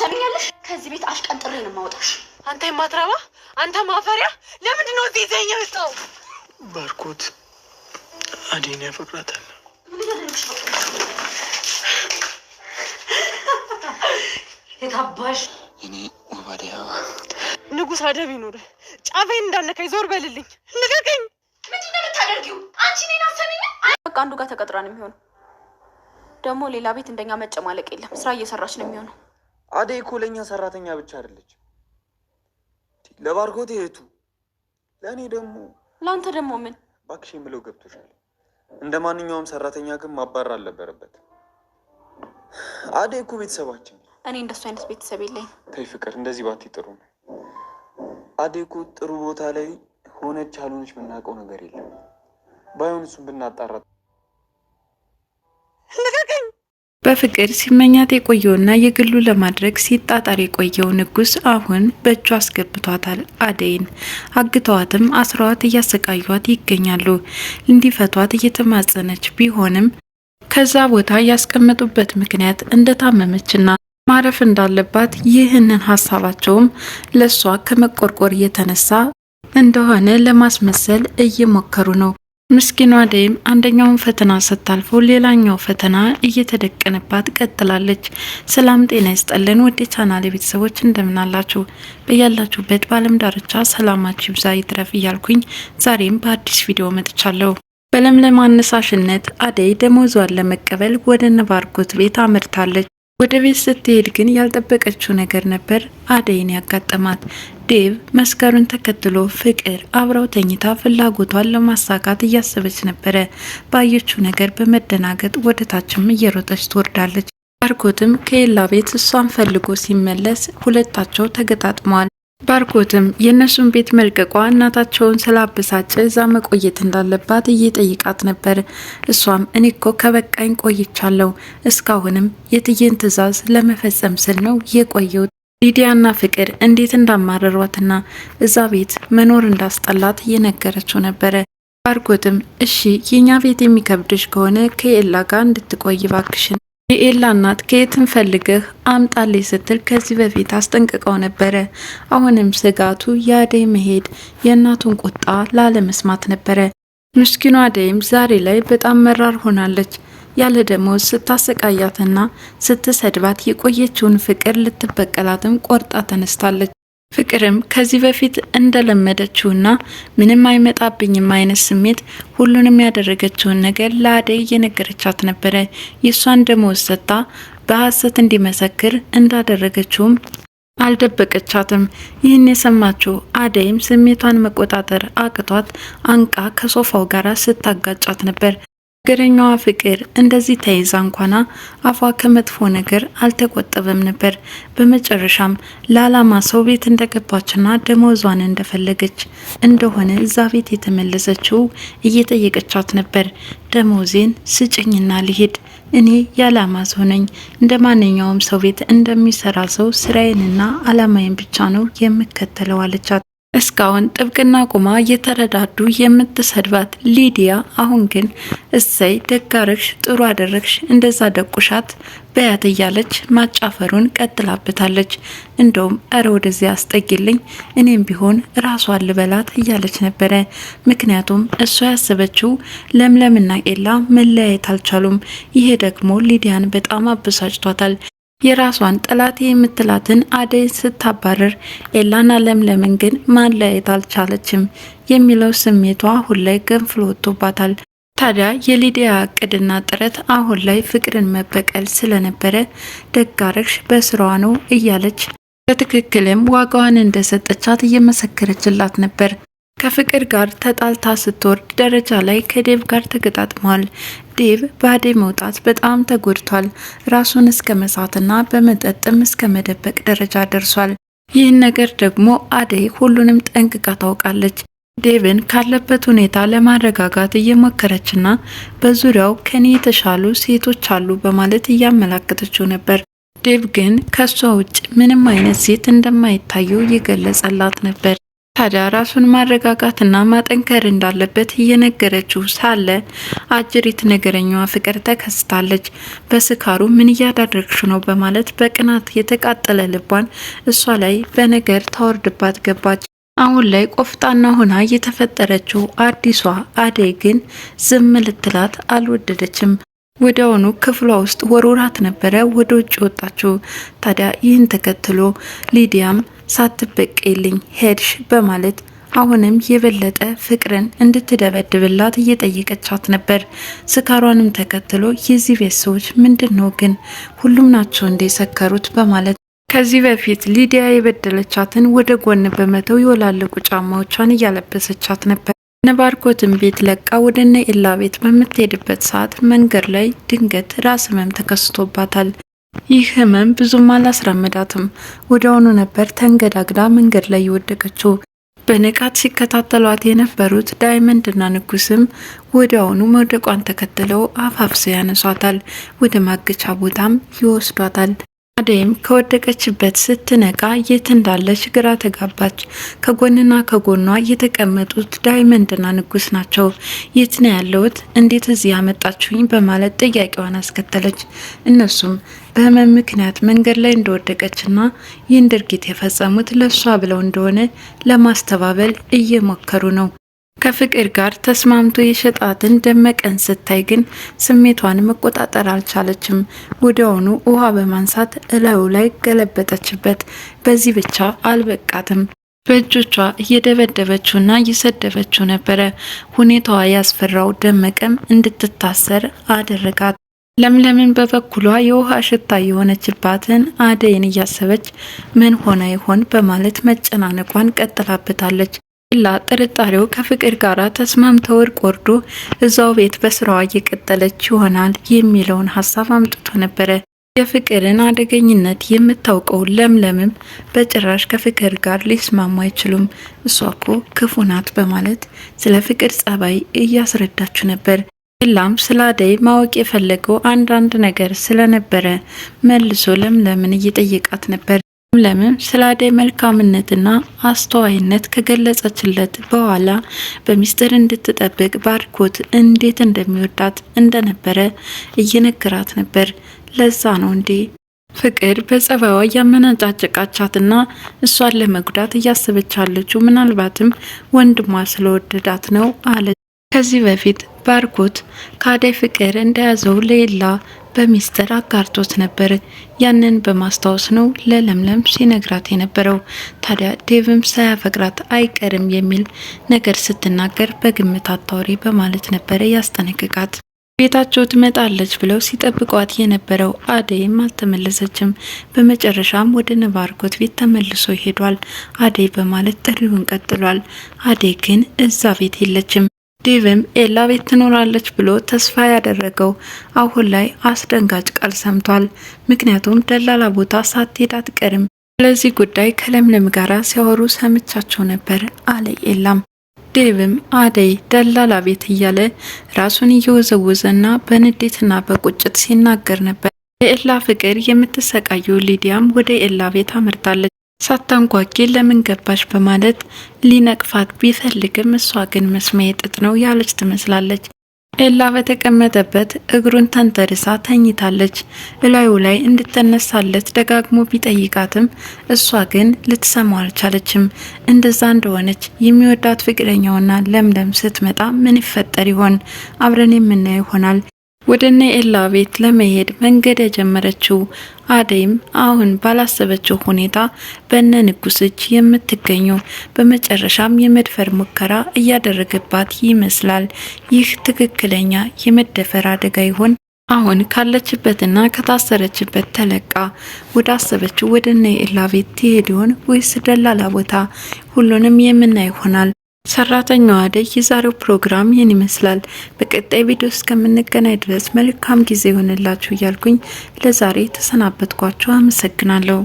ሰሚኛለሽ? ከዚህ ቤት አሽቀንጥሬ ነው የማወጣሽ። አንተ የማትረባ አንተ ማፈሪያ፣ ለምንድን ነው እዚህ ይዘኸኝ የመጣው? ባርኮት አዴን ያፈቅራታል። የታባሽ እኔ ወባዲያ ንጉሥ አደብ ይኖረ ጫፌን እንዳነካኝ ዞር በልልኝ፣ ልቀቀኝ። ምንድን ነው የምታደርጊው አንቺ? እኔን አሰሚኝ። በቃ አንዱ ጋር ተቀጥራ ነው የሚሆነው ደግሞ ሌላ ቤት እንደኛ መጨማለቅ የለም። ስራ እየሰራች ነው የሚሆነው። አደይ እኮ ለእኛ ሰራተኛ ብቻ አይደለች፣ ለባርኮቴ እህቱ፣ ለእኔ ደግሞ ለአንተ ደግሞ ምን እባክሽ የምለው ገብቶሻል። እንደ ማንኛውም ሰራተኛ ግን ማባረር አልነበረበት። አደይ እኮ ቤተሰባችን። እኔ እንደሱ አይነት ቤተሰብ የለኝም። ተይ ፍቅር፣ እንደዚህ ባትይ ጥሩ ነው። አደይ እኮ ጥሩ ቦታ ላይ ሆነች አልሆነች የምናውቀው ነገር የለም። ባይሆን እሱን ብናጣራ ልቀቀኝ በፍቅር ሲመኛት የቆየውና የግሉ ለማድረግ ሲጣጣር የቆየው ንጉስ አሁን በእጁ አስገብቷታል። አደይን አግተዋትም አስረዋት እያሰቃዩት ይገኛሉ። እንዲፈቷት እየተማጸነች ቢሆንም ከዛ ቦታ ያስቀመጡበት ምክንያት እንደታመመችና ማረፍ እንዳለባት ይህንን ሀሳባቸውም ለእሷ ከመቆርቆር የተነሳ እንደሆነ ለማስመሰል እየሞከሩ ነው። ምስኪኗ አደይም አንደኛውን ፈተና ስታልፎ ሌላኛው ፈተና እየተደቀነባት ቀጥላለች። ሰላም ጤና ይስጠልን ውድ የቻናሌ ቤተሰቦች እንደምናላችሁ በያላችሁበት በዓለም ዳርቻ ሰላማችሁ ይብዛ ይትረፍ እያልኩኝ ዛሬም በአዲስ ቪዲዮ መጥቻለሁ። በለምለም አነሳሽነት አደይ ደሞዟን ለመቀበል ወደ ነባርኮት ቤት አመርታለች። ወደ ቤት ስትሄድ ግን ያልጠበቀችው ነገር ነበር አደይን ያጋጠማት። ዴቭ መስከሩን ተከትሎ ፍቅር አብረው ተኝታ ፍላጎቷን ለማሳካት እያሰበች ነበረ። ባየችው ነገር በመደናገጥ ወደ ታችም እየሮጠች ትወርዳለች። ባርኮትም ከኤላ ቤት እሷን ፈልጎ ሲመለስ ሁለታቸው ተገጣጥመዋል። ባርኮትም የእነሱን ቤት መልቀቋ እናታቸውን ስላበሳጨ እዛ መቆየት እንዳለባት እየጠይቃት ነበር። እሷም እኔ እኮ ከበቃኝ ቆይቻለሁ፣ እስካሁንም የትዬን ትዕዛዝ ለመፈጸም ስል ነው የቆየው። ሊዲያና ፍቅር እንዴት እንዳማረሯትና እዛ ቤት መኖር እንዳስጠላት እየነገረችው ነበረ። ባርኮትም እሺ የኛ ቤት የሚከብድሽ ከሆነ ከኤላ ጋር እንድትቆይ ባክሽን፣ የኤላ እናት ከየትን ፈልገህ አምጣሌ ስትል ከዚህ በፊት አስጠንቅቀው ነበረ። አሁንም ስጋቱ የአደይ መሄድ የእናቱን ቁጣ ላለመስማት ነበረ። ምስኪኗ አደይም ዛሬ ላይ በጣም መራር ሆናለች። ያለ ደሞዝ ስታሰቃያትና ስትሰድባት የቆየችውን ፍቅር ልትበቀላትም ቆርጣ ተነስታለች። ፍቅርም ከዚህ በፊት እንደለመደችውና ምንም አይመጣብኝም አይነት ስሜት ሁሉንም ያደረገችውን ነገር ለአደይ እየነገረቻት ነበረ። የእሷን ደሞዝ ሰጥታ በሐሰት እንዲመሰክር እንዳደረገችውም አልደበቀቻትም። ይህን የሰማችው አደይም ስሜቷን መቆጣጠር አቅቷት አንቃ ከሶፋው ጋር ስታጋጫት ነበር። ነገረኛዋ ፍቅር እንደዚህ ተይዛ እንኳና አፏ ከመጥፎ ነገር አልተቆጠበም ነበር። በመጨረሻም ለዓላማ ሰው ቤት እንደገባችና ደመወዟን እንደፈለገች እንደሆነ እዛ ቤት የተመለሰችው እየጠየቀቻት ነበር። ደመወዜን ስጭኝና ልሄድ እኔ የዓላማ ሰው ነኝ። እንደ ማንኛውም ሰው ቤት እንደሚሰራ ሰው ስራዬንና ዓላማዬን ብቻ ነው የምከተለው አለቻት። እስካሁን ጥብቅና ቁማ እየተረዳዱ የምትሰድባት ሊዲያ አሁን ግን እሰይ ደጋረግሽ ጥሩ አደረግሽ እንደዛ ደቁሻት በያት እያለች ማጫፈሩን ቀጥላበታለች። እንደውም እረ ወደዚያ አስጠጊልኝ እኔም ቢሆን ራሷን ልበላት እያለች ነበረ። ምክንያቱም እሷ ያሰበችው ለምለምና ቄላ መለያየት አልቻሉም። ይሄ ደግሞ ሊዲያን በጣም አበሳጭቷታል። የራሷን ጠላት የምትላትን አደይ ስታባረር ኤላና ለምለምን ግን ማለያየት አልቻለችም የሚለው ስሜቷ አሁን ላይ ገንፍሎ ወጥቶባታል። ታዲያ የሊዲያ እቅድና ጥረት አሁን ላይ ፍቅርን መበቀል ስለነበረ ደጋረግሽ በስራዋ ነው እያለች በትክክልም ዋጋዋን እንደሰጠቻት እየመሰከረችላት ነበር። ከፍቅር ጋር ተጣልታ ስትወርድ ደረጃ ላይ ከዴቭ ጋር ተገጣጥሟል። ዴቭ ባዴ መውጣት በጣም ተጎድቷል። ራሱን እስከ መሳትና በመጠጥም እስከ መደበቅ ደረጃ ደርሷል። ይህን ነገር ደግሞ አደይ ሁሉንም ጠንቅቃ ታውቃለች። ዴቭን ካለበት ሁኔታ ለማረጋጋት እየሞከረችና በዙሪያው ከኔ የተሻሉ ሴቶች አሉ በማለት እያመላከተችው ነበር። ዴቭ ግን ከሷ ውጭ ምንም አይነት ሴት እንደማይታየው እየገለጸላት ነበር። ታዲያ ራሱን ማረጋጋትና ማጠንከር እንዳለበት እየነገረችው ሳለ አጅሪት ነገረኛዋ ፍቅር ተከስታለች። በስካሩ ምን እያዳረግሽ ነው በማለት በቅናት የተቃጠለ ልቧን እሷ ላይ በነገር ታወርድባት ገባች። አሁን ላይ ቆፍጣና ሆና የተፈጠረችው አዲሷ አደይ ግን ዝም ልትላት አልወደደችም። ወዲያውኑ ክፍሏ ውስጥ ወርውራት ነበረ ወደ ውጭ ወጣችው። ታዲያ ይህን ተከትሎ ሊዲያም ሳትበቀልኝ ሄድሽ በማለት አሁንም የበለጠ ፍቅርን እንድትደበድብላት እየጠየቀቻት ነበር። ስካሯንም ተከትሎ የዚህ ቤት ሰዎች ምንድን ነው ግን ሁሉም ናቸው እንደ ሰከሩት በማለት ከዚህ በፊት ሊዲያ የበደለቻትን ወደ ጎን በመተው የወላለቁ ጫማዎቿን እያለበሰቻት ነበር። ነባርኮትን ቤት ለቃ ወደ ነኤላ ኤላ ቤት በምትሄድበት ሰዓት መንገድ ላይ ድንገት ራስ ህመም ተከስቶባታል። ይህ ህመም ብዙም አላስራመዳትም። ወዲያውኑ ነበር ተንገዳግዳ መንገድ ላይ የወደቀችው። በንቃት ሲከታተሏት የነበሩት ዳይመንድ እና ንጉስም ወዲያውኑ መውደቋን ተከትለው አፋፍሰው ያነሷታል። ወደ ማገቻ ቦታም ይወስዷታል። አደይም ከወደቀችበት ስትነቃ የት እንዳለች ግራ ተጋባች። ከጎንና ከጎኗ የተቀመጡት ዳይመንድና ንጉስ ናቸው። የት ነው ያለሁት? እንዴት እዚህ ያመጣችሁኝ? በማለት ጥያቄዋን አስከተለች። እነሱም በህመም ምክንያት መንገድ ላይ እንደወደቀችና ይህን ድርጊት የፈጸሙት ለሷ ብለው እንደሆነ ለማስተባበል እየሞከሩ ነው። ከፍቅር ጋር ተስማምቶ የሸጣትን ደመቀን ስታይ ግን ስሜቷን መቆጣጠር አልቻለችም። ወዲያውኑ ውሃ በማንሳት እላዩ ላይ ገለበጠችበት። በዚህ ብቻ አልበቃትም። በእጆቿ እየደበደበችውና እየሰደበችው ነበረ። ሁኔታዋ ያስፈራው ደመቀም እንድትታሰር አደረጋት። ለምለምን በበኩሏ የውሃ ሽታ የሆነችባትን አደይን እያሰበች ምን ሆነ ይሆን በማለት መጨናነቋን ቀጥላበታለች። ላ ጥርጣሬው ከፍቅር ጋር ተስማምቶ ወርቅ ወርዶ እዛው ቤት በስራዋ እየቀጠለች ይሆናል የሚለውን ሀሳብ አምጥቶ ነበረ። የፍቅርን አደገኝነት የምታውቀው ለምለምም በጭራሽ ከፍቅር ጋር ሊስማሙ አይችሉም፣ እሷ ክፉናት ክፉ ናት በማለት ስለ ፍቅር ጸባይ እያስረዳችሁ ነበር። ላም ስለ አደይ ማወቅ የፈለገው አንዳንድ ነገር ስለነበረ መልሶ ለምለምን እየጠየቃት ነበር። ለምን ስለ አደይ መልካምነትና አስተዋይነት ከገለጸችለት በኋላ በሚስጥር እንድትጠብቅ ባርኮት እንዴት እንደሚወዳት እንደነበረ እየነገራት ነበር። ለዛ ነው እንዴ ፍቅር በጸባይዋ ያመናጫጭቃቻትና እሷን ለመጉዳት እያሰበቻለችው ምናልባትም ወንድሟ ስለወደዳት ነው አለ ከዚህ በፊት ባርኮት ከአደይ ፍቅር እንደያዘው ሌላ በሚስጥር አጋርቶት ነበር። ያንን በማስታወስ ነው ለለምለም ሲነግራት የነበረው። ታዲያ ዴቭም ሳያፈቅራት አይቀርም የሚል ነገር ስትናገር በግምት አታውሪ በማለት ነበረ ያስጠነቅቃት። ቤታቸው ትመጣለች ብለው ሲጠብቋት የነበረው አደይም አልተመለሰችም። በመጨረሻም ወደ ነባርኮት ቤት ተመልሶ ሄዷል። አደይ በማለት ጥሪውን ቀጥሏል። አደይ ግን እዛ ቤት የለችም። ዴቭም ኤላ ቤት ትኖራለች ብሎ ተስፋ ያደረገው አሁን ላይ አስደንጋጭ ቃል ሰምቷል። ምክንያቱም ደላላ ቦታ ሳትሄድ አትቀርም። ስለዚህ ጉዳይ ከለምለም ጋራ ሲያወሩ ሰምቻቸው ነበር አለ ኤላም። ዴቭም አደይ ደላላ ቤት እያለ ራሱን እየወዘወዘና በንዴትና በቁጭት ሲናገር ነበር። የኤላ ፍቅር የምትሰቃየው ሊዲያም ወደ ኤላ ቤት አመርታለች። ሳታንጓጊ ለምን ገባሽ በማለት ሊነቅፋት ቢፈልግም እሷ ግን መስሚያ የጥጥ ነው ያለች ትመስላለች። ኤላ በተቀመጠበት እግሩን ተንተርሳ ተኝታለች። እላዩ ላይ እንድትነሳለት ደጋግሞ ቢጠይቃትም እሷ ግን ልትሰማው አልቻለችም። እንደዛ እንደሆነች የሚወዳት ፍቅረኛውና ለምለም ስትመጣ ምን ይፈጠር ይሆን? አብረን የምናየው ይሆናል። ወደ እነ ኤላ ቤት ለመሄድ መንገድ የጀመረችው አደይም አሁን ባላሰበችው ሁኔታ በነ ንጉስ እጅ የምትገኘው በመጨረሻም የመድፈር ሙከራ እያደረገባት ይመስላል። ይህ ትክክለኛ የመደፈር አደጋ ይሆን? አሁን ካለችበትና ከታሰረችበት ተለቃ ወደ አሰበችው ወደ እነ ኤላ ቤት ትሄድ ይሆን ወይስ ደላላ ቦታ? ሁሉንም የምናይ ይሆናል። ሰራተኛዋ አደይ የዛሬው ፕሮግራም ይህን ይመስላል። በቀጣይ ቪዲዮ እስከምንገናኝ ድረስ መልካም ጊዜ ይሆንላችሁ እያልኩኝ ለዛሬ ተሰናበትኳችሁ። አመሰግናለሁ።